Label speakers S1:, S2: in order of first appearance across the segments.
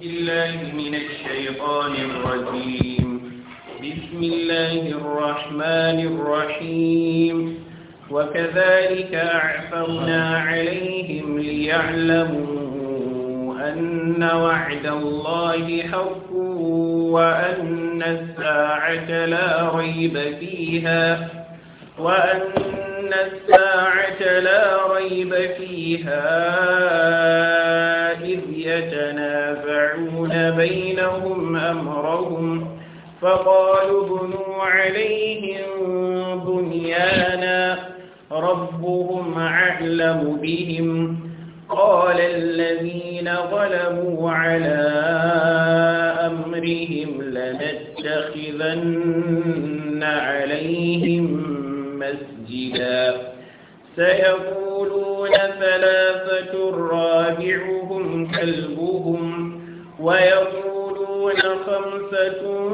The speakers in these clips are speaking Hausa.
S1: بالله من الشيطان الرجيم بسم الله الرحمن الرحيم وكذلك أعثرنا عليهم ليعلموا أن وعد الله حق وأن الساعة لا ريب فيها وأن إن الساعة لا ريب فيها إذ يتنافعون بينهم أمرهم فقالوا ابنوا عليهم بنيانا ربهم أعلم بهم قال الذين ظلموا على أمرهم لنتخذن عليهم مسجدا سيقولون ثلاثة رابعهم كلبهم ويقولون خمسة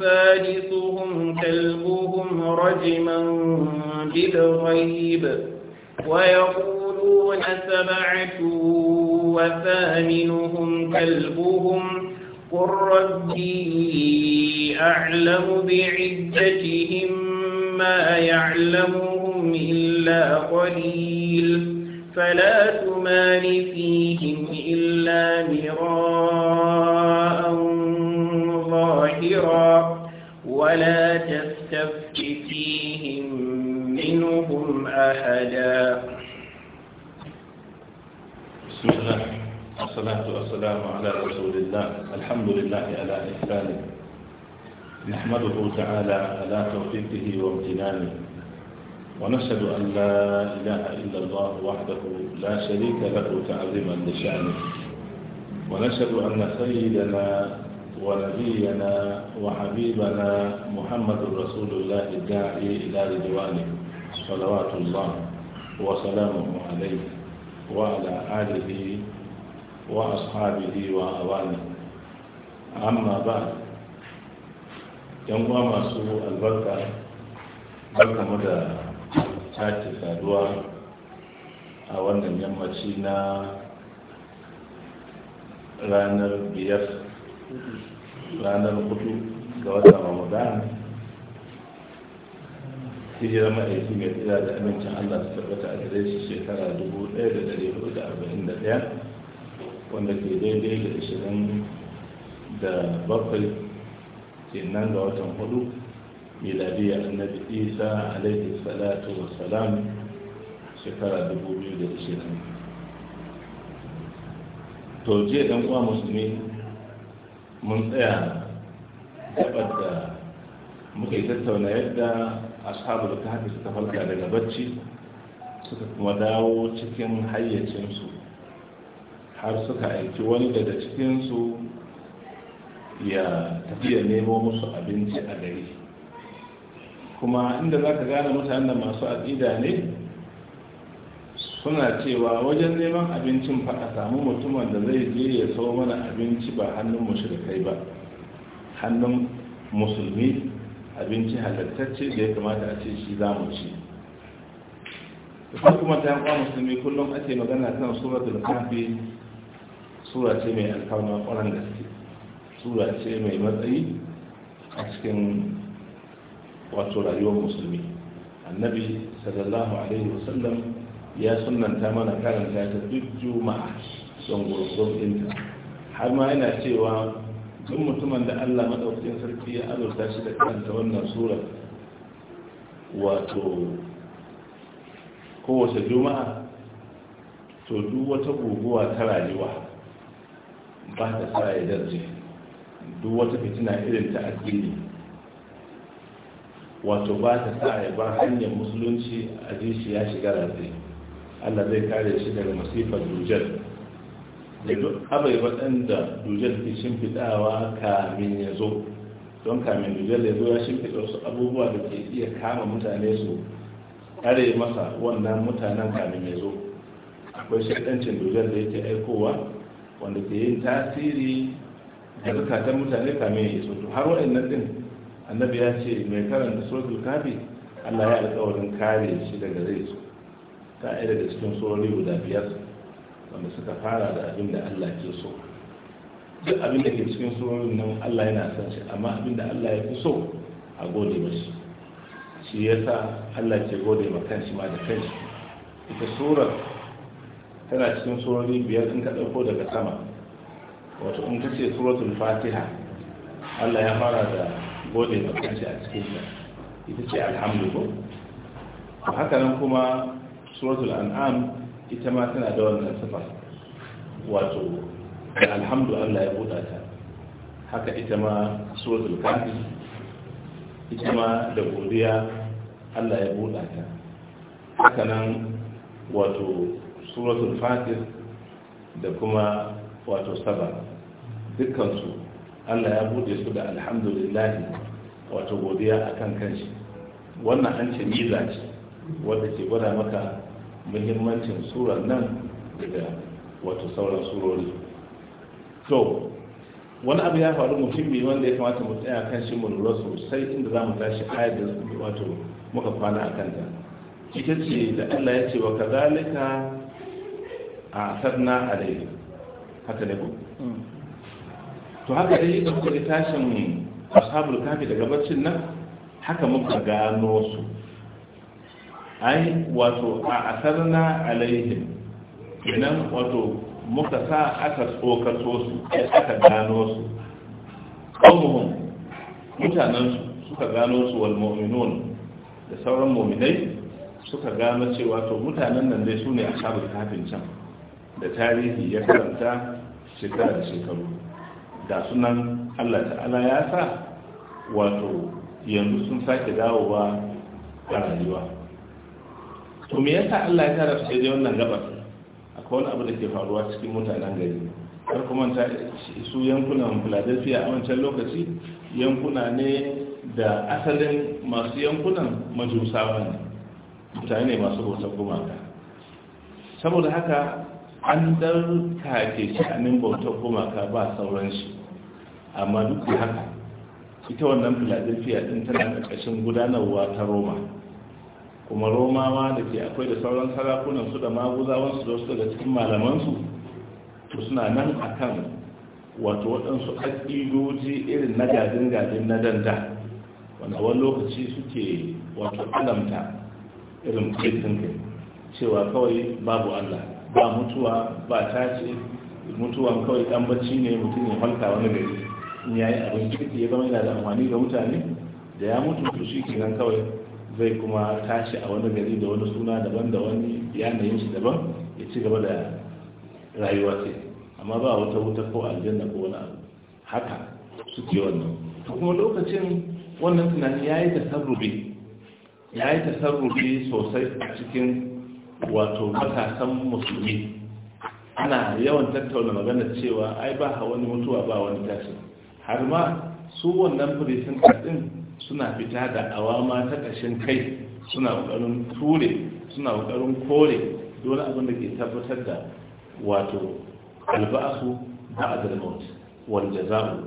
S1: سادسهم كلبهم رجما بالغيب ويقولون سبعة وثامنهم كلبهم قل ربي أعلم بعدتهم ما يعلمهم إلا قليل فلا تمال فيهم إلا مراء ظاهرا ولا تستفت فيهم منهم أحدا
S2: بسم الله والصلاة والسلام على رسول الله الحمد لله على إحسانه نحمده تعالى على توفيقه وامتنانه ونشهد أن لا إله إلا الله وحده لا شريك له تعظيما لشأنه ونشهد أن سيدنا ونبينا وحبيبنا محمد رسول الله الداعي إلى رضوانه صلوات الله وسلامه عليه وعلى آله وأصحابه وأوانه أما بعد yan uwa masu albarka barka mu da sake saduwa a wannan yammaci na ranar biyar ranar hudu ga wata ramadan hijirar ma'aiki mai tsira da amincin allah su tabbata a gare shi shekara 1441 wanda ke daidai da 20 da bakwai sinan ga watan hudu a annabi isa alaihi salatu salam shekara 2020 to jiya dan uwa musulmi mun tsaya gabar da muka yi tattauna yadda ta kahfi suka farka daga bacci suka kuma dawo cikin hayyacinsu har suka aiki wani daga cikinsu ya tafiya nemo musu abinci a gari kuma inda za ka gane mutanen masu aƙida ne suna cewa wajen neman abincin fa a samu mutumin da zai je ya sau mana abinci ba hannun mushrikai ba hannun musulmi abinci halittacce da ya kamata a ce shi za mu ci kuma ta yankwa musulmi kullum ake magana kan suratul kafi sura ce mai alkawar kwanan gaske sura ce mai matsayi a cikin wato rayuwar musulmi annabi sallallahu alaihi wasallam ya sunanta mana karanta ta duk juma'a don gurgur ɗinta har ma yana cewa duk mutumin da allah maɗaukakin sarki ya azurta shi da karanta wannan sura wato kowace juma'a to duk wata guguwa ta rayuwa ba ta sa ya darje duk wata fitina irin ta addini wato ba ta sa ya ba hanyar musulunci a shi ya shiga ratse allah zai kare shi daga masifar dujar da duk abai waɗanda dujar ke shimfiɗawa kamin ya zo don kamin dujal ya zo ya shimfiɗa wasu abubuwa da ke iya kama mutane su kare masa wannan mutanen kamin ya zo akwai shaɗancin dujar da yake aikowa wanda ke yin tasiri da zukatan mutane kame ya iso to har nan din annabi ya ce mai karanta suratul kafi Allah ya alƙawarin kare shi daga zai su ta ɗaya daga cikin surori guda biyar wanda suka fara da abin da Allah ke so duk abin da ke cikin surorin nan Allah yana son shi amma abin da Allah ya fi so a gode mashi shi ya sa Allah ke gode ma kanshi ma da kanshi ita surar tana cikin surori biyar in ka ɗauko daga sama wato in ka ce suratul fatiha Allah ya fara da gode da kanci a cikin ta ita ce alhamdu haka nan kuma suratul an'am ita ma tana da wannan sifa wato alhamdu Allah ya buɗa ta haka ita ma suratul kafi ita ma da godiya Allah ya buɗa ta haka nan wato suratul fatir da kuma wato sabar dukkansu allah ya bude su da alhamdulillahi wato godiya a kan kanshi wannan an ce miza ce wadda ke gwada maka muhimmancin surar nan daga wato sauran surori to wani abu ya faru muhimmi wanda ya kamata mu tsaya kan shi mu lura sosai inda za mu tashi ayar da wato muka kwana a kanta ita ce da allah ya ce wa kazalika a sarna alai haka ne ku to haka dai da kuka tashin ashabul kafi daga baccin nan haka muka gano su ai wato a asarna alaihim idan wato muka sa aka tsokato su aka gano su mutanen mutanensu suka gano su wal mu'minun da sauran mu'minai suka gano cewa to mutanen nan dai su ne ashabul kafin can da tarihi ya karanta shekara da shekaru Da sunan allah ta'ala ya sa wato yanzu sun sake dawowa a rayuwa to me yasa allah ya tara su je wannan gabar akwai wani abu da ke faruwa cikin mutanen gari har kuma su yankunan philadelphia a wancan lokaci yankuna ne da asalin masu yankunan majusawa ne mutane masu bautar gumaka saboda haka an dar kake sha'anin bautar gumaka ba sauran shi amma duk da haka ita wannan philadelphia din tana ƙarƙashin gudanarwa ta roma kuma romawa da ke akwai da sauran sarakunan su da maguzawan su daga cikin malamansu to suna nan akan wato waɗansu aƙidoji irin na gajin-gajin na danda wanda wani lokaci suke wato alamta irin cikin kai cewa kawai babu allah ba mutuwa ba ce mutuwan kawai ɗan bacci ne mutum ya halka wani gari in ya yi abin kirki ya zama yana da amfani ga mutane da ya mutu su shi kenan kawai zai kuma tashi a wani gari da wani suna daban da wani yanayin shi daban ya ci gaba da rayuwa ce amma ba wata wuta ko aljanna ko wani abu haka suke wannan to kuma lokacin wannan tunani ya yi tasarrufi ya yi sosai a cikin wato matasan musulmi ana yawan tattauna magana cewa ai ba wani mutuwa ba wani tashi har ma su wannan firisin ɗin suna fita da awama ta ƙashin kai suna ƙoƙarin ture suna ƙoƙarin kore dole abin da ke tabbatar da wato alba'asu da al-maut jaza'u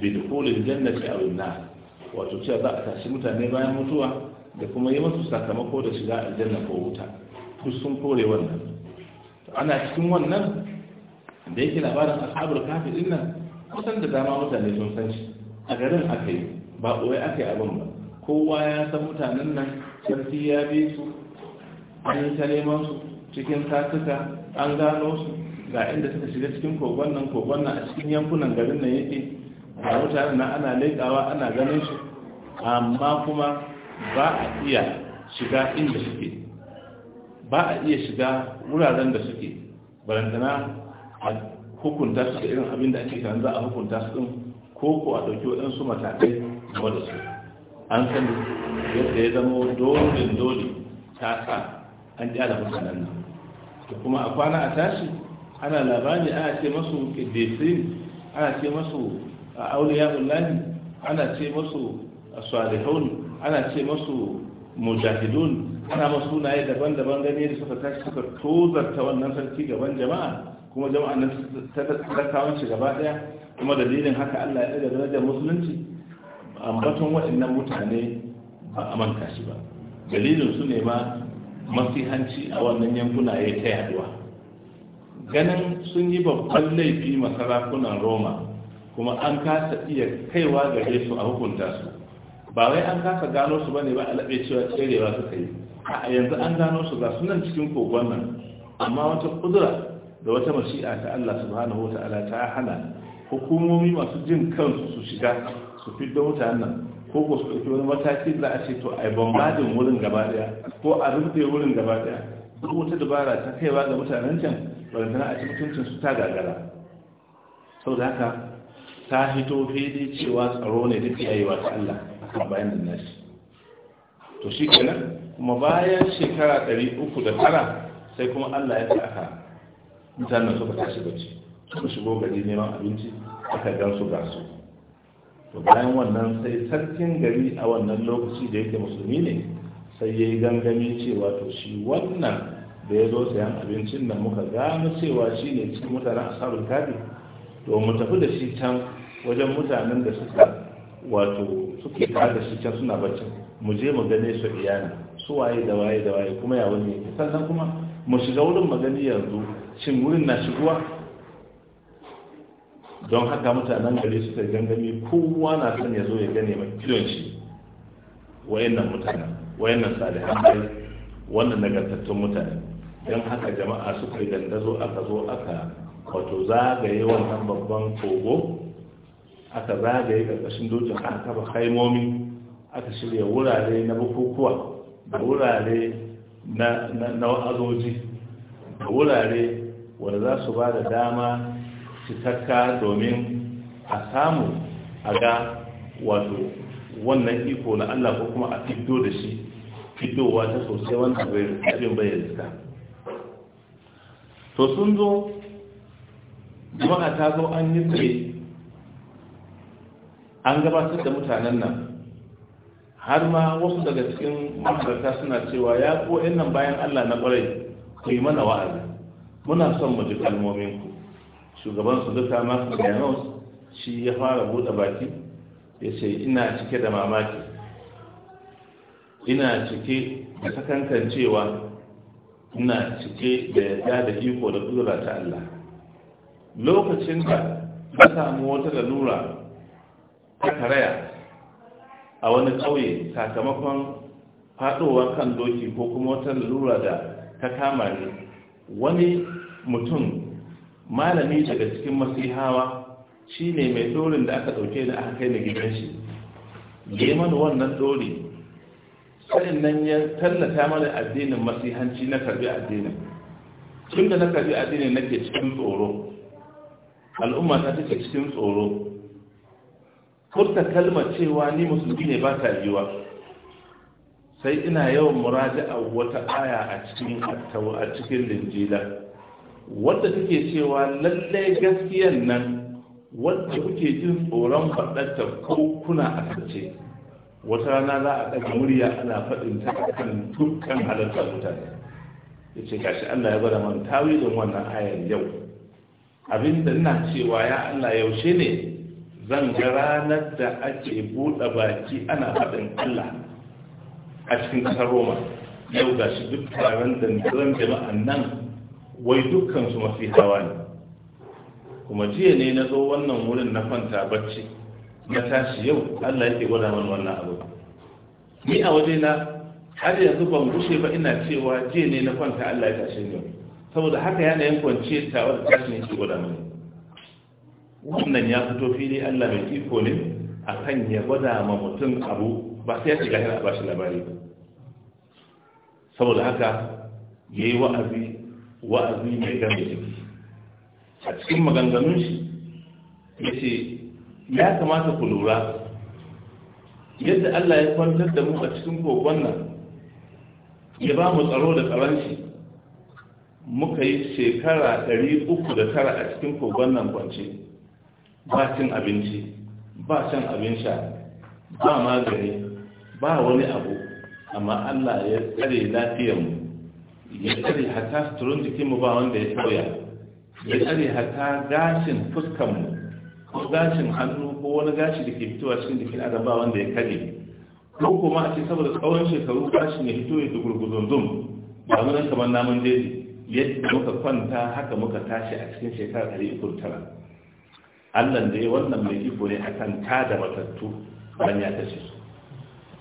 S2: bi dukhulil jannati a an wato cewa za a tashi mutane bayan mutuwa da kuma yi masu sakamako da shiga aljanna ko wuta duk sun kore wannan ana cikin wannan da yake labarin ashabul kafi din nan kusan da dama mutane sun san shi a garin aka yi ba ɓoye aka yi abin ba kowa ya san mutanen nan sarki ya bi su an yi ta neman su cikin tatuka an gano su ga inda suka shiga cikin kogon nan kogon nan a cikin yankunan garin nan yake a mutanen nan ana leƙawa ana ganin su amma kuma ba a iya shiga inda suke ba a iya shiga wuraren da suke barantana hukunta su da irin abin da ake kan za a hukunta su ɗin, ko ko a ɗauki waɗansu matakai game da su an san yadda ya zama dole dole ta sa an kyala mutanen nan da kuma a kwana a tashi ana labari ana ce masu ƙiddisin ana ce masu a ya ullani ana ce masu a salihun ana ce masu mujahidun ana masu sunaye daban-daban gani da suka tashi suka tozarta wannan sarki gaban jama'a kuma jama'a na ta shi gaba daya kuma dalilin haka Allah ya da darajar musulunci ambaton waɗannan mutane ba a manta shi ba dalilin su ne ma masihanci a wannan yankuna ya ta yaduwa ganin sun yi babban laifi masarakunan roma kuma an kasa iya kaiwa gare su a hukunta su ba wai an kasa gano su bane ba a laɓe cewa tserewa suka yi a yanzu an gano su ga sunan cikin kogon nan amma wata kudura da wata mashi'a ta Allah subhanahu ta'ala ta hana hukumomi masu jin kansu su shiga su fidda mutanen ko ko su ɗauki wani mataki za a ce to a yi bambadin wurin gaba ɗaya ko a rufe wurin gaba ɗaya duk wata dabara ta kaiwa ga mutanen can barantana a ci mutuncin su ta gagara sau da haka ta hito fili cewa tsaro ne duk yayewa ta Allah a bayan da nashi to shi kenan kuma bayan shekara da tara sai kuma Allah ya ta aka mutanen suka tashi bacci suka shigo gari neman abinci aka gan su gasu to bayan wannan sai sarkin gari a wannan lokaci da yake musulmi ne sai ya yi gangami cewa to shi wannan da ya zo sayan abincin da muka gano cewa shi ne cikin mutanen asarun kabi to mu tafi da shi can wajen mutanen da suka wato suke da shi can suna bacci mu je mu gane su iyali su waye da waye da waye kuma ya wani sannan kuma mu shiga wurin magani yanzu shin wurin na shigowa don haka mutanen gari su ta gangami kowa na son ya zo ya gane mai idon shi wayannan mutane wayannan salihan kai wannan nagartattun mutane don haka jama'a suka yi dandazo aka zo aka wato zagaye wannan babban kogo aka zagaye karkashin dojin aka kafa haimomi aka shirya wurare na bukukuwa da wurare na wa'azoji da wurare wanda za su ba da dama cikakka domin a samu a ga wato wannan iko na Allah ko kuma a fito da shi fitowa ta sosai wanda bai abin bai yanzu to sun zo jama'a ta zo an yi tsaye an gabatar da mutanen nan har ma wasu daga cikin mahalarta suna cewa ya ko nan bayan Allah na kwarai ku yi mana wa'azi muna son mu ji kalmomin ku shugaban su duka masu bayanos shi ya fara buɗe baki ya ce ina cike da mamaki ina cike da sakankancewa ina cike da yarda da iko da kudura ta Allah lokacin da ta samu wata lalura ta karaya a wani ƙauye sakamakon faɗowa kan doki ko kuma wata lura da ta kama ne wani mutum malami daga cikin masihawa shi ne mai dorin da aka ɗauke da aka kai na gidan shi neman wannan dori sa'in nan ya tallata mana addinin masihanci na karbi addinin tun da na karbi addinin nake cikin tsoro al'umma ta take cikin tsoro furta kalmar cewa ni musulmi ne ba ta yiwa sai ina yawan muradi a wata aya a cikin a cikin linjila wadda take cewa lallai gaskiyan nan wadda kuke jin tsoron faɗarta ko kuna a sace wata rana za a ɗaga murya ana faɗin ta kan dukkan halartar mutane ya ce gashi Allah ya gwada man tawilin wannan ayar yau abinda ina cewa ya Allah yaushe ne zan ga ranar da ake buɗe baki ana haɗin Allah a cikin ƙasar Roma yau ga shi duk taron da zan jama'an nan wai dukkan su mafi hawa ne kuma jiya ne na zo wannan wurin na kwanta bacci na tashi yau Allah yake gwada mana wannan abu ni a waje na har yanzu ban gushe ba ina cewa jiya ne na kwanta Allah ya tashi ni saboda haka yanayin kwanciyar tawar da ne ke gwada mana wannan ya fito fili Allah mai iko ne akan ya gwada ma mutum abu ba sai ya shiga yana ba shi labari ba saboda haka ya yi wa'azi wa'azi mai da ciki a cikin maganganun shi ya ce ya kamata ku lura yadda Allah ya kwantar da mu a cikin kogon nan ya ba mu tsaro da karanci, muka yi shekara 309 a cikin kogon nan kwance ba cin abinci ba can abin sha ba magani ba wani abu amma Allah ya tsare lafiyarmu ya tsare hata suturun jikinmu ba wanda ya sauya ya tsare hata gashin fuskanmu ko gashin hannu ko wani gashi da ke fitowa cikin jikin adam ba wanda ya kare ko kuma a ce saboda tsawon shekaru gashin ya fito ya dugurguzon zum ba mu kamar namun jeji yadda muka kwanta haka muka tashi a cikin shekara ɗari Allah da wannan mai iko ne akan ta da matattu ban ya tashi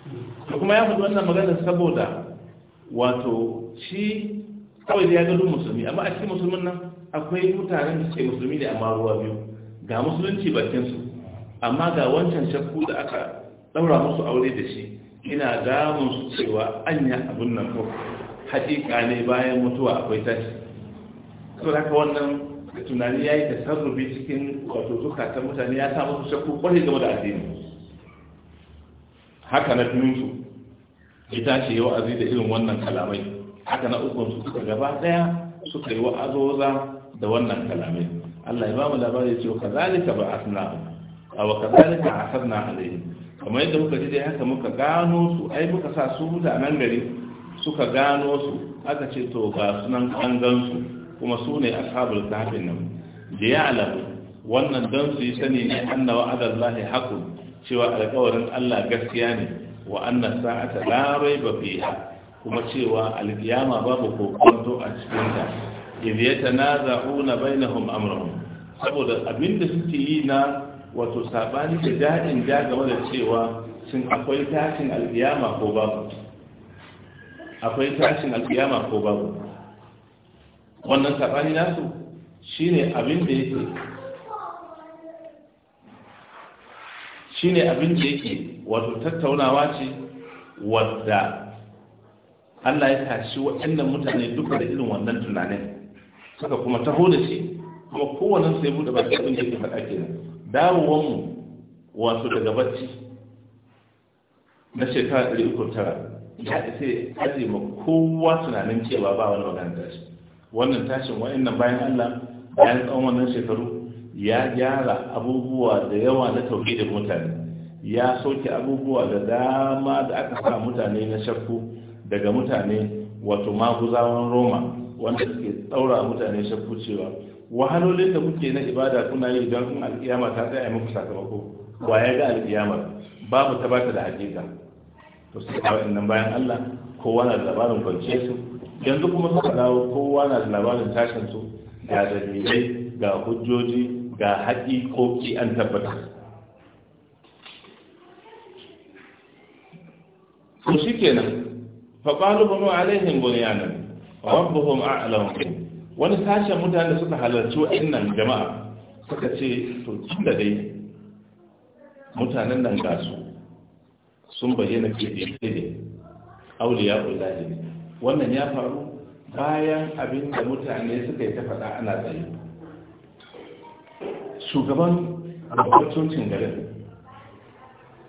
S2: su kuma ya faɗi wannan magana saboda wato shi kawai da ya gado musulmi amma a cikin musulmin nan akwai mutanen da suke musulmi ne amma ruwa biyu ga musulunci bakinsu amma ga wancan shakku da aka ɗaura musu aure da shi ina damun su cewa anya abin nan ko hakika ne bayan mutuwa akwai tashi saboda haka wannan da tunani ya yi da sarrubi cikin wato zukatan mutane ya samu su shakku kwarai game da addini haka na su ya tashi yi wa'azi da irin wannan kalamai haka na ukunsu suka gaba daya suka yi wa'azoza da wannan kalamai Allah ya ba mu labari cewa kazalika ba asna aw kazalika asna alaihi kamar yadda muka ji dai haka muka gano su ai muka sa su nan gari suka gano su aka ce to ga sunan an gansu kuma su ne ashabul kafin nan da ya alamu wannan don su yi sani ne anna wa'adar lahi haku cewa alkawarin Allah gaskiya ne wa anna sa'ata la raiba ha. kuma cewa alkiyama babu kokonto a cikin ta bai na bainahum amrahum saboda abinda suke yi na wato sabani da daɗin ja game da cewa sun akwai tashin alkiyama ko babu akwai tashin alkiyama ko babu wannan saɓani nasu shine abin da yake shine abin da yake wato tattaunawa ce wadda Allah ya tashi waɗannan mutane duka da irin wannan tunanin suka kuma taho da shi kuma kowannen sai buɗe ba abin da yake faɗa ke nan. mu wato daga bacci na shekara ɗari tara ya ce aji ma kowa tunanin cewa ba wani magana da shi wannan tashin wa'annan bayan Allah bayan tsawon wannan shekaru ya gyara abubuwa da yawa na da mutane ya soke abubuwa da dama da aka sa mutane na shakku daga mutane wato maguzawan Roma wanda suke tsaura mutane shakku cewa wahalolin da kuke na ibada kuna yi don alkiyama ta tsaya muku sakamako wa ya ga alkiyama babu ta bata da hakika to su kawo nan bayan Allah kowa na da labarin kwanciyar su yanzu kuma suka dawo kowa na da labarin tashin su ga dalilai ga hujjoji ga haƙi ko ki an tabbata shi kenan fa qalu bu alaihim bunyanan rabbuhum a'lam wani sashen mutane suka halarci wa'annan jama'a suka ce to tunda dai mutanen nan ga su sun bayyana ke auliya ulaji wannan ya faru bayan abin da mutane suka yi ta faɗa ana tsaye shugaban cocin garin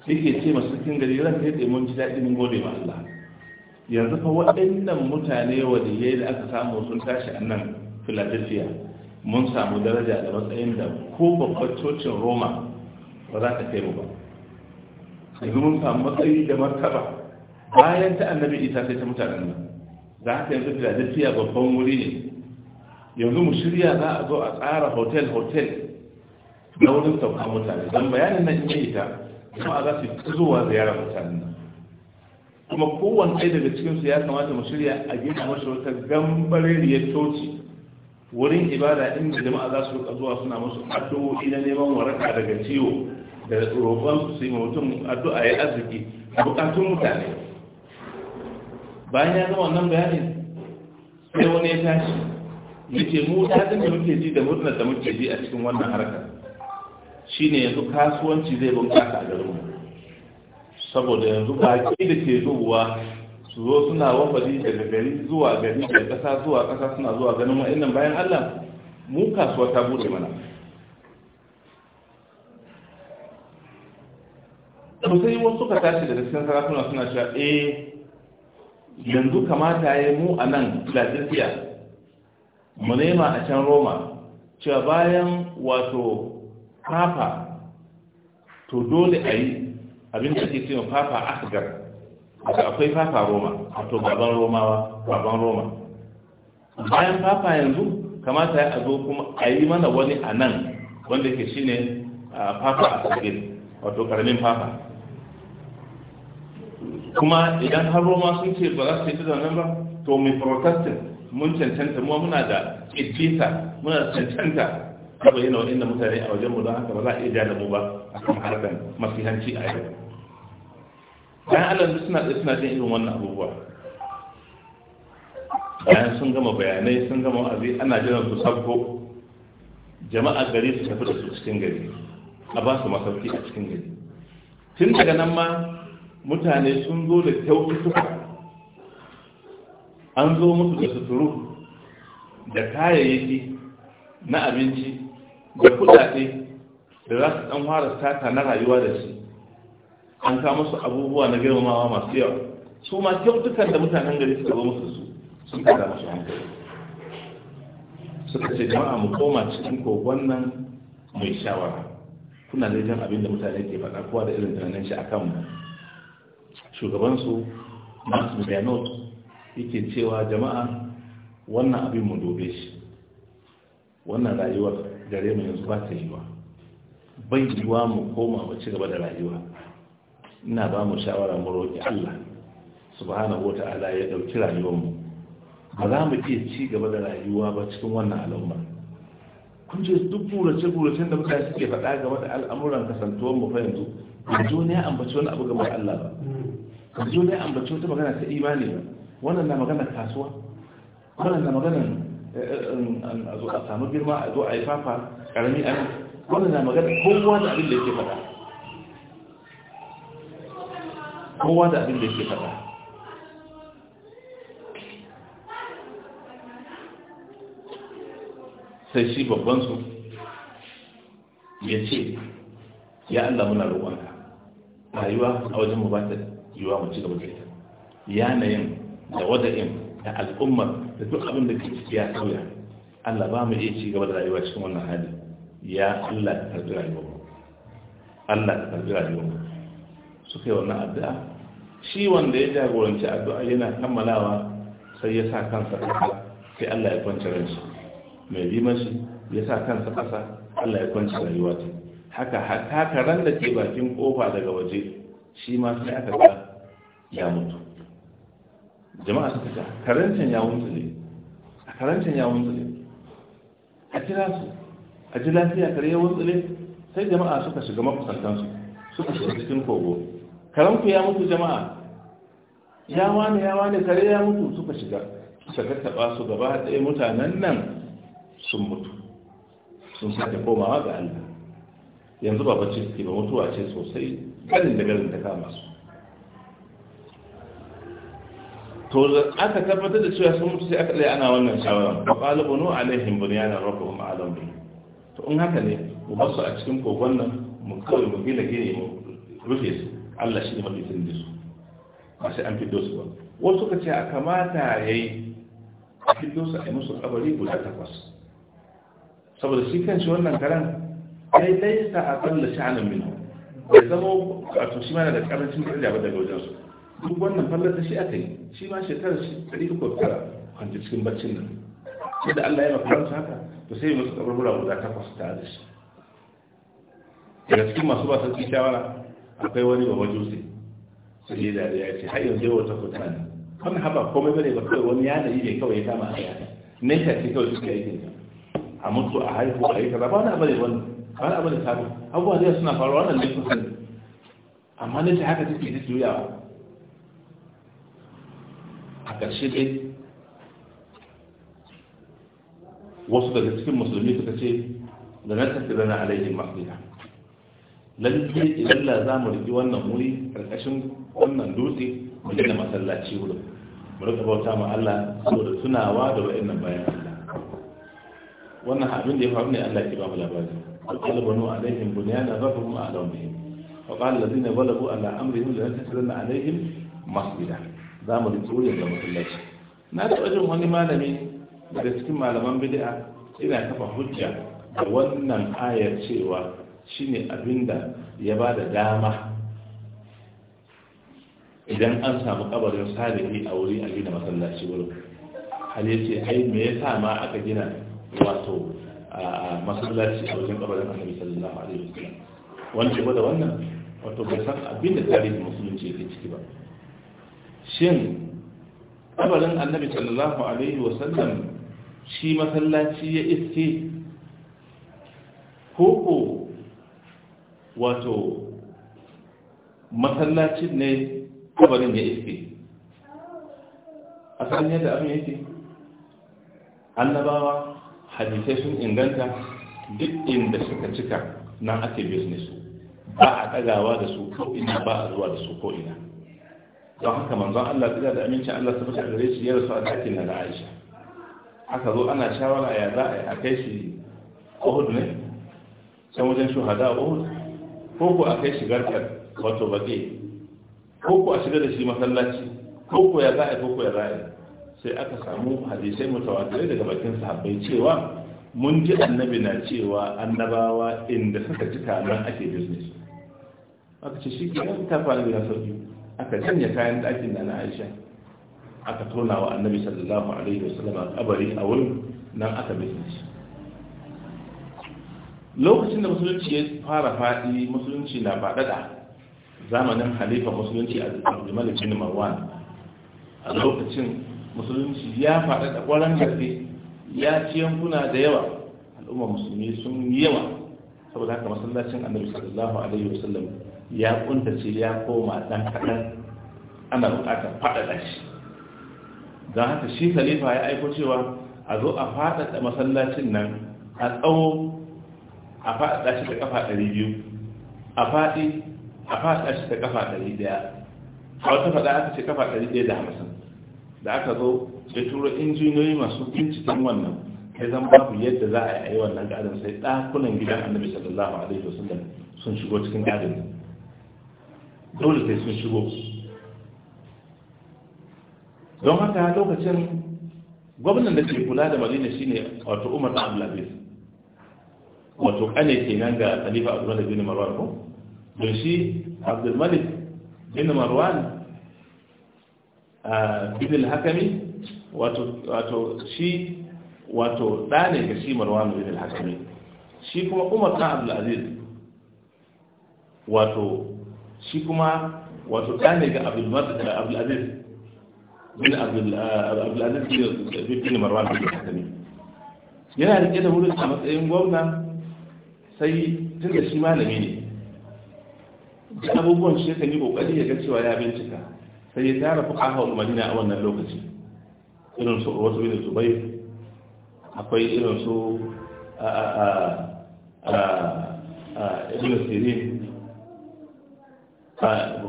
S2: yake ce masu cikin gari ran ta yi mun ji daɗin gode ma Allah yanzu fa waɗannan mutane yai da aka samu sun tashi a nan Philadelphia mun samu daraja da matsayin da ko babbar cocin Roma ba za ta kai mu ba yanzu mun samu matsayi da martaba bayan ta annabi isa sai ta mutanen nan da haka yanzu filadelfiya babban wuri ne yanzu mu shirya za a zo a tsara hotel hotel na wurin sauka mutane don bayanin nan ne ita kuma a za su zuwa ziyarar mutanen nan kuma kowane ɗaya daga cikinsu ya kamata mu shirya a gina mashi wata gambareriyar toci wurin ibada inda jama'a za su zuwa suna musu addu'o'i na neman waraka daga ciwo da roƙon su yi mutum addu'a ya arziki a bukatun mutane bayan ya zama wannan bayani sai wani ya tashi yake mu dadin da muke ji da murnar da muke ji a cikin wannan harkar ne yanzu kasuwanci zai bunƙasa a garinmu saboda yanzu baki da ke zuwa su zo suna wafari daga gari zuwa gari da ƙasa zuwa ƙasa suna zuwa ganin nan bayan allah mu kasuwa ta bude mana to sai wasu suka tashi daga cikin sarakuna suna cewa eh yanzu kamata ya mu a nan filadelfiya mu nema a can roma cewa bayan wato papa to dole a yi abin da ke cewa papa asgar da akwai papa roma wato gaban romawa gaban roma bayan papa yanzu kamata ya zo kuma a yi mana wani a nan wanda ke shine ah, papa asgar wato karamin papa kuma idan har roma sun ce ba za su yi da nan ba to mai protestin mun cancanta mu muna da ƙirƙita muna da cancanta ka bayyana inda mutane a wajen mu don haka ba za a iya da mu ba a kan harkar masihanci a yau bayan allah suna suna jin irin wannan abubuwa bayan sun gama bayanai sun gama wa'azi ana jiran su sabko jama'a gari su tafi da su cikin gari a ba su masauki a cikin gari tun daga nan ma mutane sun zo da kyautuka an zo musu da suturu da kayayyaki na abinci da kudade da za su dan fara sata na rayuwa da shi an kama su abubuwa na girmamawa masu yawa su ma kyautukan da mutanen gari suka zo musu su sun kada masu hankali suka ce jama'a mu koma cikin kogon nan mai shawara kuna da abin da mutane ke faɗa kowa da irin tunanin shi akan mu shugabansu masu bayanot yake cewa jama'a wannan abin mu dobe shi wannan rayuwar gare mu yanzu ba ta yiwa bai wa mu koma ba ci gaba da rayuwa ina ba mu shawara mu roƙi Allah subhanahu wata'ala ya ɗauki rayuwarmu ba za mu iya ci gaba da rayuwa ba cikin wannan al'umma kun ce duk burace-buracen da mutane suke faɗa game da al'amuran kasantuwar mu fa yanzu ka ji wani ya ambaci wani abu gaba Allah ba ka ji wani ya ambaci wata magana ta imani ba wannan na magana kasuwa wannan na magana eh, eh, a zo a samu girma a zo a yi fafa karami an wannan na magana kowa da abin da yake faɗa kowa da abin da yake faɗa sai shi babban su ya ce ya Allah muna roƙonka rayuwa a wajen mu ba ta yiwa mu ci gaba da ita yanayin da wada'in da al'ummar da duk abin da ke ciki ya sauya Allah ba mu iya ci gaba da rayuwa cikin wannan hali ya Allah ta karbi rayuwa mu Allah ta karbi rayuwa mu suka yi wannan addu'a shi wanda ya jagoranci addu'a yana kammalawa sai ya sa kansa ƙasa sai Allah ya kwanci ransa mai bi mashi ya sa kansa ƙasa Allah ya kwanci rayuwa ta haka haka karen da ke bakin kofa daga waje shi ma sai aka ga ya mutu jama'a suka ga karancin ya mutu ne a karancin ya mutu ne a kira su a ji lafiya kare ya mutu ne sai jama'a suka shiga su suka shiga cikin kogo Karan ku ya mutu jama'a ya wani ya wani kare ya mutu suka shiga suka tattaba su gaba ɗaya mutanen nan sun mutu sun sake komawa ga Allah yanzu ba bacci suke ba mutuwa ce sosai ganin da ganin ta kama su to da aka tabbatar da cewa sun mutu sai aka ɗaya ana wannan shawarar ba ƙalibanu alaihim bunyana rabbuhum alam bi to in haka ne mu basu a cikin kogon nan mu kawai mu gina gine mu rufe su Allah shi ne mafi sun su ba sai an fiddo su ba wasu ka ce a kamata ya yi a fiddo su a yi musu kabari guda takwas saboda shi kan shi wannan karan dai laisa a kalla sha'anin min bai zama to shi ma da karancin daraja ba daga wajen su duk wannan fallar da shi aka yi shi ma shekara shi dari uku da tara kwanci cikin baccin nan sai da Allah ya maka ransa haka to sai tsabar kaburbura guda takwas ta da shi daga cikin masu ba sarki shawara akwai wani babban jose. su ne da ya ce har yanzu wata kuta ne wannan haba komai bane ba kawai wani yi ne kawai ya kama a yaya ne ta ce kawai suke aikin a mutu a haihu a yi kaza ba na ne wani ba da abin da sabo abubuwa zai suna faruwa wannan laifin sun amma ne ta haka take ta juyawa a ƙarshe dai wasu daga cikin musulmi suka ce da na tafi zana alaihin masnina lalle idan la za mu rigi wannan wuri ƙarƙashin wannan dutse mu gina masallaci wurin mu rika bauta ma Allah saboda tunawa da wa'annan bayan Allah wannan abin da ya faru ne Allah ke ba mu labari وقال بنو عليهم بنيانا ربهم أعلم بهم وقال الذين غلبوا على أمرهم لنتسلن عليهم مسجدا za mu riko ya ga masallaci na taɓa jin wani malami daga cikin malaman bid'a ina kafa hujja da wannan ayar cewa shine abinda ya ba da dama idan an samu kabarin salihi a wuri a masallaci wurin hali ce ai me yasa ma aka gina wato a masallaci a wajen kabarin annabi sallallahu alaihi wasallam Wani shi da wannan wato bai san abin da tarihin musulunci yake ciki ba shin kabarin annabi sallallahu alaihi wasallam shi masallaci ya iske Ko wato masallacin ne kabarin ya iske a san yadda abin yake annabawa hadisai sun inganta duk inda suka cika nan ake business ba a ɗagawa da su ko ina ba a zuwa da su ko ina don haka manzon Allah tsira da amincin Allah su fita gare shi ya rasu a ɗakin na Aisha aka zo ana shawara ya za a yi a kai shi Uhud ne can wajen shuhada Uhud ko ko a kai shi garkar wato baƙi ko ko a shiga da shi masallaci ko ko ya za a yi ko ko ya za a yi sai aka samu hadisai mutawatirai daga bakin sahabbai cewa mun ji annabi na cewa annabawa inda suka ji kamar ake business aka ce shi ke ta faru da sauki aka canja kayan ɗakin da na aisha aka tona wa annabi sallallahu alaihi wasallam a kabari a wurin nan aka business lokacin da musulunci ya fara faɗi musulunci na faɗaɗa zamanin halifa musulunci a malikin marwan a lokacin musulunci ya faɗa da ƙwarar gaske ya ci yankuna da yawa al'ummar musulmi sun yi yawa saboda haka masallacin annabi sallallahu alaihi wasallam ya ce ya koma dan kaɗan ana buƙatar faɗaɗa shi don haka shi khalifa ya aiko cewa a zo a faɗaɗa masallacin nan a tsawo a faɗaɗa shi da ƙafa ɗari biyu a faɗi a faɗaɗa shi da ƙafa ɗari ɗaya a wata faɗa aka ce ƙafa ɗari ɗaya da hamsin da aka zo sai tura injiniyoyi masu binciken wannan sai zan babu yadda za a yi wannan gadon sai ɗakunan gidan annabi sallallahu alaihi wasallam sun shigo cikin gadon dole sai sun shigo don haka lokacin gwamnan da ke kula da madina shine wato umar na abdulaziz wato kane kenan ga khalifa abdulmalik bin marwan ko don shi abdulmalik bin marwan bidil hakami wato shi wato ɗa ne ga shi marwanu bidil hakami shi kuma umar ɗan abdulaziz wato shi kuma wato ɗa ne ga abdulaziz bin abdulaziz bin marwan bidil hakami yana rike da wurin a matsayin gwamna sai tun da shi malami ne Da abubuwan shi kan yi ƙoƙari ya ga cewa ya bincika sai ya tara fuqaha'ul madina a wannan lokaci irin su wasu bin zubair akwai irin su a a sirin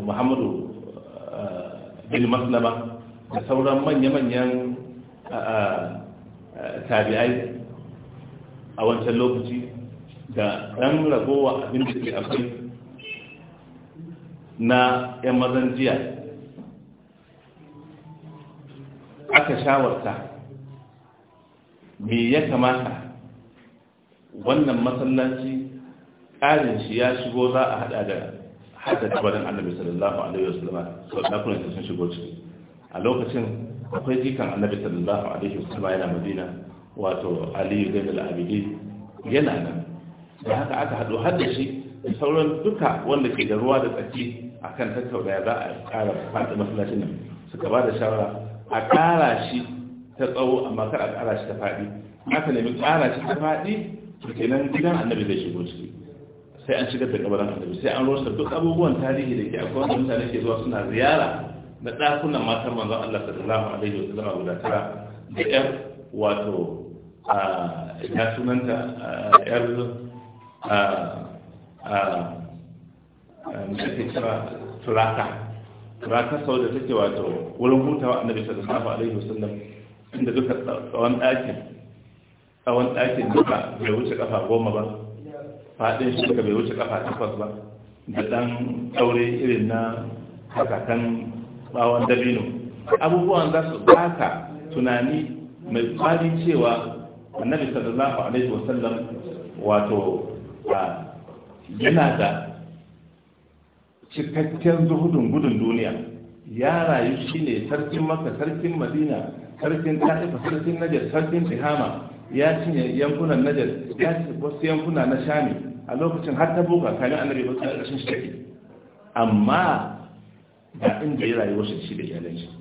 S2: muhammadu bin maslama da sauran manya-manyan tabi'ai a wancan lokaci da ɗan ragowa abin da ke akwai na 'yan mazan jiya aka shawarta me ya kamata wannan masallaci ƙarin shi ya shigo za a hada da hada tabarin annabi sallallahu alaihi wasallam sau kuma da sun shigo ciki a lokacin akwai jikan annabi sallallahu alaihi wasallam yana madina wato aliyu zainul abidi yana nan da haka aka hado har da shi da sauran duka wanda ke da ruwa da tsaki akan tattauna za a ƙara faɗi masallacin nan suka ba da shawara a ƙara shi ta tsawo amma kar a ƙara shi ta faɗi aka nemi ƙara shi ta faɗi to kenan gidan annabi zai shigo ciki sai an shigar da kabarin annabi sai an rosa duk abubuwan tarihi da ke akwai wanda mutane ke zuwa suna ziyara na ɗakunan matan manzon Allah sallallahu alaihi wa sallam guda tara da ƴar wato a ya sunanta ƴar a a mutum ke kira rakar sau da take wato wurin hutawa annabi sallallahu alaihi wasallam inda duka tsawon ɗakin tsawon ɗakin duka bai wuce kafa goma ba faɗin shi duka bai wuce kafa takwas ba da ɗan ɗaure irin na hakakan bawon dabino abubuwan za su baka tunani mai tsari cewa annabi sallallahu alaihi wasallam wato yana da cikakken zuhudun gudun duniya ya rayu shine sarkin makka sarkin madina sarkin ta'ifa sarkin najar sarkin tihama ya cinye yankunan najar ya cinye wasu yankuna na shami a lokacin har ta buga kamin annabi ba tsaye ƙarshen shi amma ga inda ya rayu wasu shi da iyalan shi ba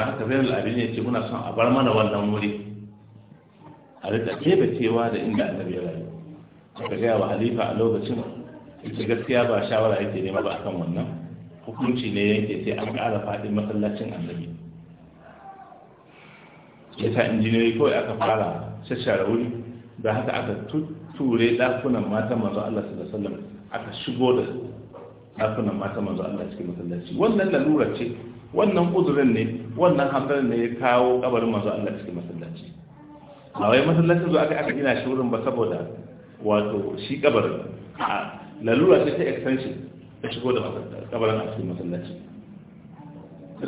S2: haka zai al'adun ya ce muna son a bar mana wannan wuri a rika keɓe cewa da inda annabi ya rayu suka gaya wa halifa a lokacin ita gaskiya ba shawara yake nema ba akan wannan hukunci ne yake sai an ƙara faɗin masallacin annabi sa injiniyoyi kawai aka fara shashara wuri da haka aka ture ɗakunan mata manzo Allah da alaihi aka shigo da ɗakunan mata manzo Allah cikin masallaci wannan lalura ce wannan uzurin ne wannan hamdarin ne ya kawo kabarin manzo Allah cikin masallaci a wai masallacin zuwa aka aka gina shi wurin ba saboda wato shi kabarin lalura ce ta extension ta shigo da kabarin a cikin masallaci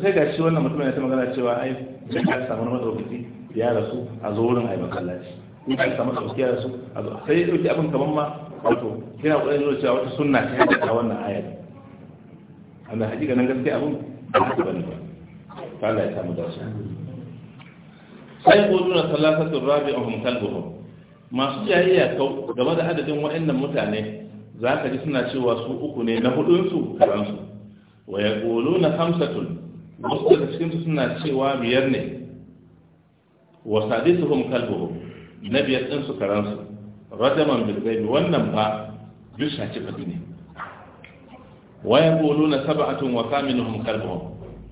S2: sai ga shi wannan mutumin ya ta magana cewa ai ya ka samu matsaukaki ya rasu a zo ai masallaci in ka samu matsaukaki ya rasu a zo sai ya dauki abin kaman ma wato yana kokarin nuna cewa wata sunna ta yadda ta wannan ayar amma hakika nan gaskiya abin ba ta bane ba ta Allah ya samu dace sai ko duna salatu hum kalbuhum masu jayayya kau game da adadin waɗannan mutane za ka ji suna cewa su uku ne na hudunsu karansu wa ya ƙolo na hamsatun wasu daga cikinsu suna cewa biyar ne wa hun kalbuhum na biyar ɗinsu karansu rajaman bilgaibi wannan ba duk shaci faɗi ne wa ya ƙolo na saba'atun wa hun kalbuhum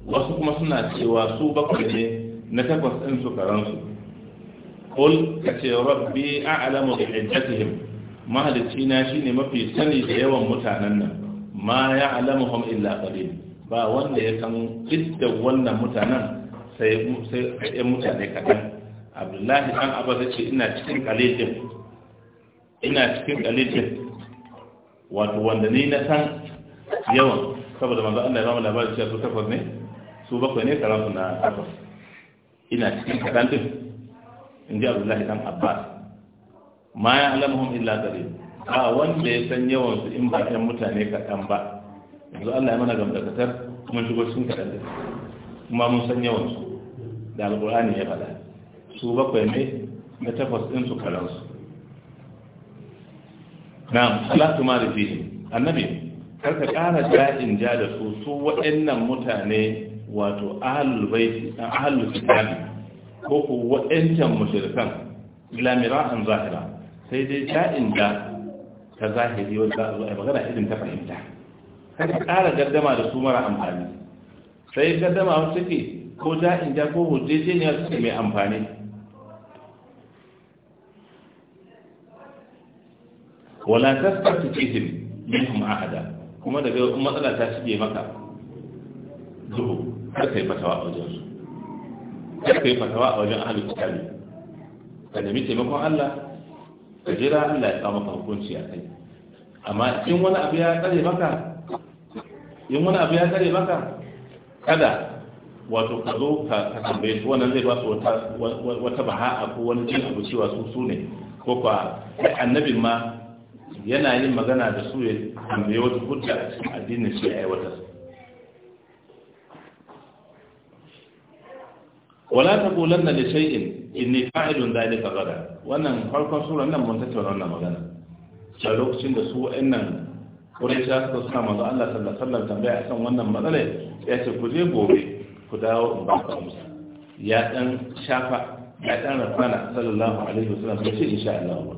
S2: wasu kuma suna cewa su bakwai ne na takwas ɗinsu karansu قل كتي ربي أعلم بعدتهم mahalicina na ne mafi sani da yawan mutanen nan ma ya alamuhum illa ƙarin ba wanda ya san idda wannan mutanen sai ƙaƙƙen mutane kaɗan abdullahi ɗan abu zai ce ina cikin qalil ina cikin qalil wato wanda ni na san yawan saboda manzo Allah ya ba mu labarin cewa su takwas ne su bakwai ne karansu na takwas ina cikin kaɗan din in ji abdullahi dan abbas ma ya alamuhum illa gare ba wanda ya san yawan su in ba ɗan mutane kaɗan ba yanzu Allah ya mana gamdakatar mun shigo cikin kaɗan da kuma mun san yawan su da alƙur'ani ya faɗa su bakwai ne na takwas ɗin su su na salatu ma da fihim annabi karka ƙara ja'in ja da su su waɗannan mutane wato ahalul baiti ahalul kitabi ko ko waɗancan mushrikan ila mira'an zahira sai dai sha'in da ta zahiri wanda a zo a magana irin ta fahimta kada ƙara gaddama da su mara amfani sai gardama wacce ke ko ja'in ja ko hujjejeniya suke mai amfani wala tasbatu fihim minhum ahada kuma daga matsala ta shige maka zuhu kar kai fatawa a wajen su kar kai fatawa a wajen ahlul kitabi ka nemi taimakon Allah ka jira Allah ya samu hukunci a kai amma in wani abu ya tsare maka in wani abu ya tsare maka kada wato ka zo ka tambaye su wannan zai ba su wata baha'a ko wani jin abu cewa su su ne ko kwa annabin ma yana yin magana da su ya tambaye wata hujja a cikin addinin shi ya aiwatar wala taqulanna li shay'in inni fa'ilun dhalika ghadan wannan farkon sura nan mun tattauna wannan magana a lokacin da su wa'annan Quraisha suka suna manzo Allah sallallahu alaihi wasallam tambaya akan wannan matsala ya ce ku je gobe ku dawo in ba ka musu ya dan shafa ya dan rafana sallallahu alaihi wasallam ya ce insha Allah ba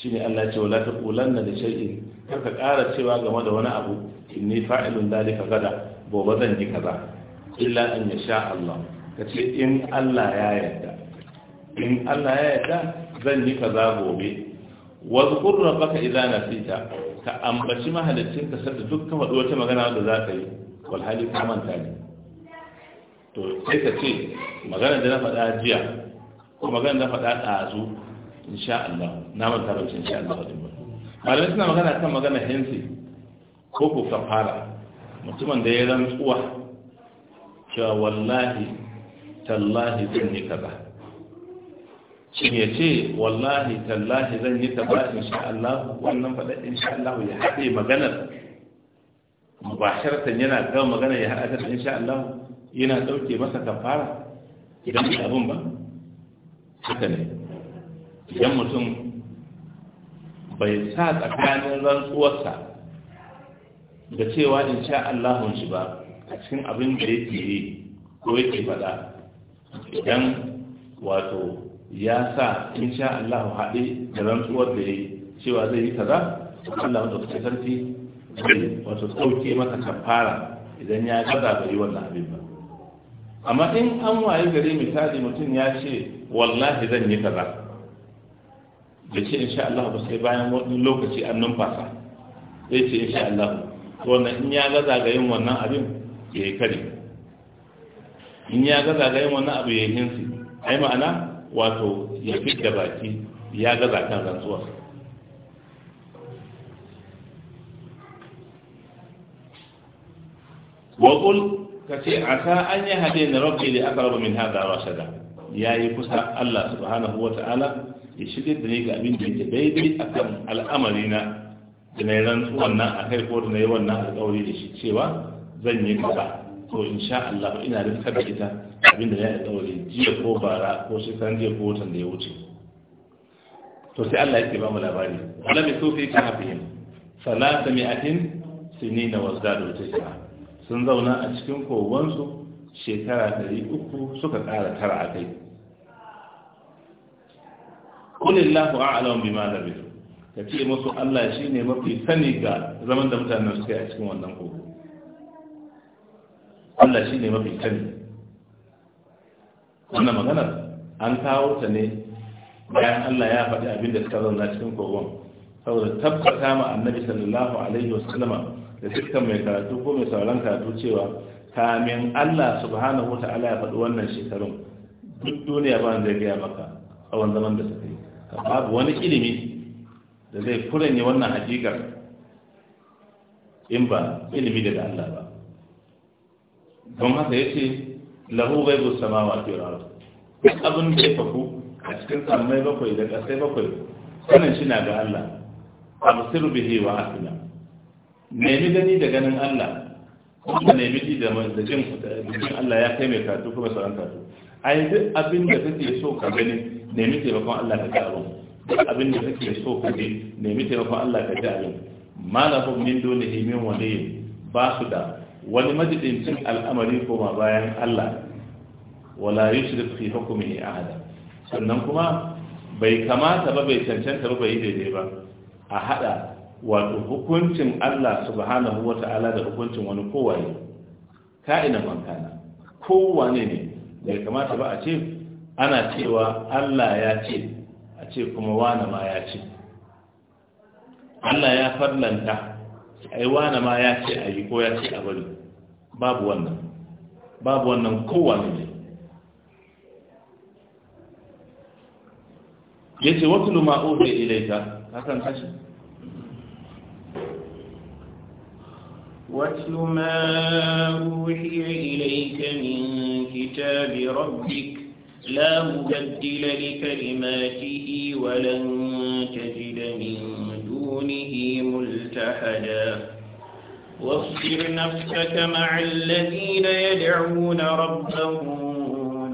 S2: shine Allah ya ce wala ta taqulanna li shay'in kaka ƙara cewa game da wani abu inni fa'ilun dhalika gada gobe zan yi kaza illa an yasha Allah ka ce in Allah ya yarda in Allah ya yarda zan yi kaza gobe wazkur rabbaka idza fita ka ambaci mahalicin ka sadda dukkan wadu wata magana da za ka yi walhali ka manta ne to sai ka ce magana da na faɗa jiya ko magana da na faɗa ɗazu insha Allah na manta ba insha Allah din ba malamai suna magana kan magana hinsi ko ko kafara mutumin da ya zama rantsuwa cewa wallahi tallahi zan yi kaza shin ya ce wallahi tallahi zan yi kaza insha Allah wannan faɗa insha Allah ya haɗe maganar mubasharatan yana gama magana ya haɗa ta insha Allah yana ɗauke masa kafara idan bai abin ba haka ne idan mutum bai sa tsakanin rantsuwarsa da cewa insha Allahun shi ba a cikin abin da yake yi ko yake faɗa idan wato ya sa in sha Allah haɗe da rantsuwar da ya yi cewa zai yi kaza Allah wata kuka sarki wato ɗauke masa kafara idan ya gaza bai yi wannan abin ba amma in an waye gari misali mutum ya ce wallahi zan yi kaza da ce in sha Allah ba sai bayan wani lokaci an numfasa zai ce sha Allah wannan in ya gaza ga yin wannan abin ya yi kare in ya gaza ga yin wannan abu ya su ai ma'ana wato ya da baki ya gaza kan rantsuwa qul ka ce a sa an yi haɗe na rabbi da aka min hada rashada ya yi kusa allah subhanahu wa ta'ala ya shigar da ni ga abin da yake daidai akan al'amari na da na yi rantsuwan nan a kai ko da na yi wannan alƙawari da shi cewa zan yi kusa. Ko in sha Allah ina rikar da ita abinda ya daure jiya ko bara ko shekaran jiya ko watan da ya wuce to sai Allah yake ba mu labari wala bi sufi ka hafihim salata mi'atin sinina wa zadu tis'a sun zauna a cikin kowan su shekara 300 suka ƙara tara akai kulillahu a'lamu bima ta ce musu Allah shine mafi sani ga zaman da mutanen suka yi a cikin wannan kogo Allah shi ne mafi sani wannan maganar an kawo ta ne bayan Allah ya faɗi abin da suka zauna cikin kogon saboda tabbata ma annabi sallallahu alaihi wasallama da dukkan mai karatu ko mai sauran karatu cewa kamin Allah subhanahu ta'ala ya faɗi wannan shekarun duk duniya ba zai gaya maka a wani zaman da suka yi babu wani ilimi da zai furanye wannan hakikar in ba ilimi daga Allah ba don haka ya ce lahu bai bu sama wa rara duk abin da ya faku a cikin samai bakwai da ƙasai bakwai sanin shi na ga Allah a musir bihi wa asina nemi gani da ganin Allah kuma nemi ji da jin Allah ya kai mai katu kuma sauran katu a yi duk abin da kake so ka gani nemi taimakon Allah ka ga abin duk abin da kake so ka ji nemi taimakon Allah ka ga abin ma lahum min dunihi min wani ba su da wani majidincin al'amari koma bayan Allah wala yushrik fi hukmihi ahada sannan kuma bai kamata ba bai cancanta ba bai daidai ba a hada wato hukuncin Allah subhanahu wata'ala da hukuncin wani kowaye ka'ina mankana kowane ne bai kamata ba a ce ana cewa Allah ya ce a ce kuma wani ma ya ce Allah ya farlanta ai wani ma ya ce a yi ko ya ce a bari babu wannan babu wannan kowane ne ya ce wata luma ofe ilaita hakan kashi
S1: واتل ما أوحي إليك من كتاب ربك لا مبدل لكلماته ولن تجد من دونه ملتحدا واصبر نفسك مع الذين يدعون ربهم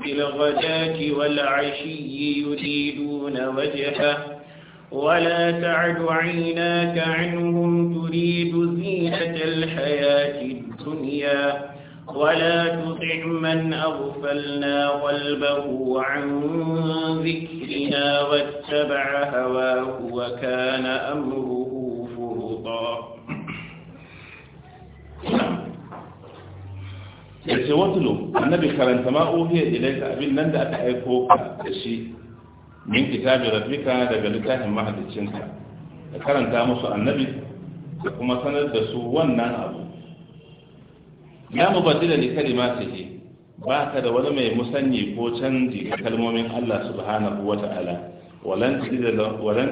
S1: بالغداة والعشي يريدون وجهه ولا تعد عيناك عنهم تريد زينة الحياة الدنيا ولا تطع من أغفلنا قلبه عن ذكرنا واتبع هواه وكان أمره فرطا
S2: yace watulu annabi karanta ma ohiya ilaika abin nan da aka aiko ka da shi min kitabi rabbika daga littafin mahaddicinka ka karanta musu annabi da kuma sanar da su wannan abu ya mubaddila li kalimatihi ba ka da wani mai musanyi ko canji ga kalmomin Allah subhanahu wa ta'ala walan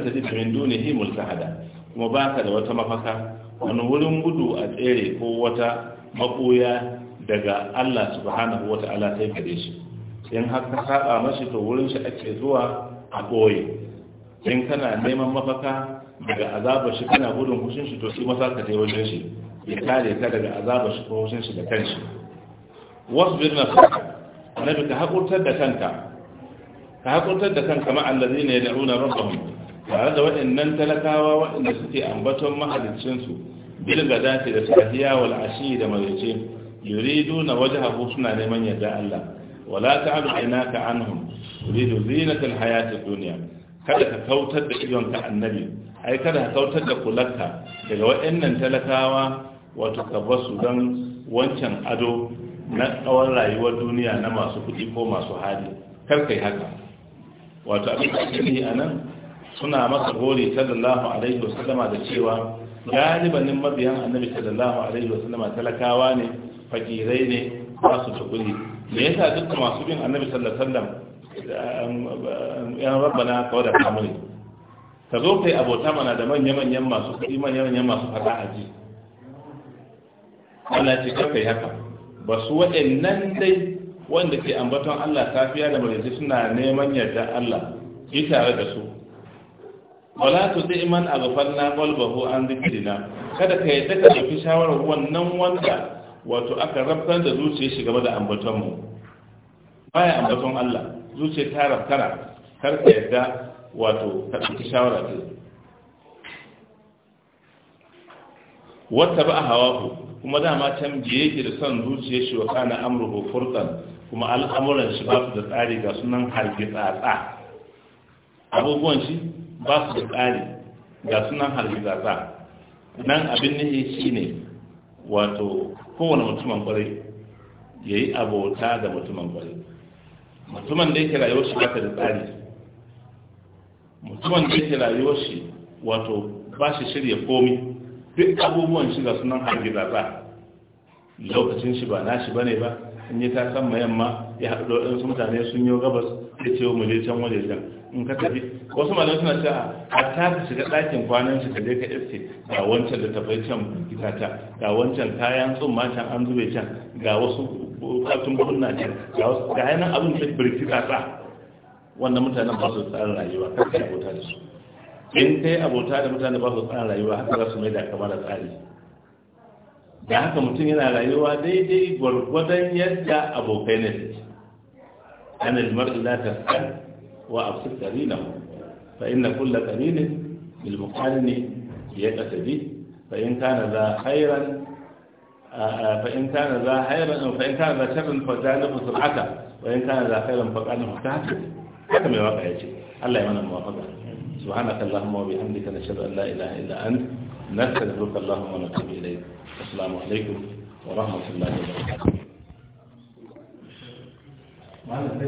S2: tajid min dunihi multahada kuma ba ka da wata mafaka wani wurin gudu a tsere ko wata makoya daga Allah subhanahu wa ta'ala sai gare shi in har ka saba mashi to wurin shi ake zuwa a koyi in kana neman mafaka daga azabar shi kana gudun kushin shi to shi masa ka je wajen shi ya kare ta daga azabar shi ko hushin shi da kanshi wasbir nafsaka annabi ka hakurtar da kanka ka hakurtar da kanka ma allazina yad'una rabbahum tare da waɗannan talakawa waɗanda suke ambaton mahalicin su bil gadati da safiya wal ashi da marice waje wajhahu suna neman yadda Allah wala ta ka aynaka anhum yuridu zinatal hayatid duniya. kada ka kautar da ka annabi ai kada ka kautar da kulanka daga waɗannan talakawa wato ka basu don wancan ado na tsawon rayuwar duniya na masu kuɗi ko masu hali kar kai haka wato abin da ake yi a nan suna masa hori sallallahu alaihi wasallama da cewa galibanin mabiyan annabi sallallahu alaihi wasallama talakawa ne fakirai ne ba su da kuɗi me yasa dukkan masu bin annabi sallallahu alaihi wasallam eh, yan rabbana kawai da kamuni ka zo kai abota mana da manya-manyan masu kuɗi manya-manyan masu fata a ji Allah ce kai yi haka ba su waɗannan dai wanda ke ambaton Allah safiya da maraice suna neman yarda Allah yi tare da su wala tu di man aghfalna qalbahu an dhikrina kada ka yi ka dauki shawarar wannan wanda wato aka rabtar da zuciya shi gaba da ambaton mu baya ambaton Allah zuciya ta rabtara kar ka yadda wato ka dauki shawara ta wata ba hawa ku kuma dama can biye yake da son zuciya shi wa kana amruhu furtan kuma al'amuran shi ba su da tsari ga sunan harge tsatsa abubuwan shi ba su da tsari ga sunan harge tsatsa nan abin ne shi ne wato kowane mutumin kwarai ya yi abota da mutumin kwarai mutumin da yake rayuwar shi ba da tsari mutumin da yake rayuwar shi wato ba shi shirya komi duk abubuwan shiga sunan hargiza ba lokacin shi ba nashi ba ne ba in yi ta san yamma ya haɗu da waɗansu mutane sun yi gabas da ce mu je can waje can in ka tafi wasu malamai suna cewa a ta ka shiga ɗakin kwanan shi ka je ka iske ga wancan da tafai can ta, ga wancan kayan ma can an zube can ga wasu katun kunna can ga wasu ga yanar abin da birki sa wannan mutanen ba su tsarin rayuwa kar ka abota da su in kai abota da mutane ba su tsara rayuwa haka za su mai da kama da tsari da haka mutum yana rayuwa daidai gwargwadon yadda abokai na fi ana jimarin latar kan wa abu karina fa inna kulla karinin ilmukarni ya kasabi fa in kana za hairan fa in kana za hairan fa in kana za sharrin fa zalifu sul'ata wa in kana za hairan fa kana fa haka haka mai waka ya ce Allah ya mana muwafaka سبحانك اللهم وبحمدك نشهد أن لا إله إلا أنت نستغفرك اللهم ونتوب إليك السلام عليكم ورحمة الله وبركاته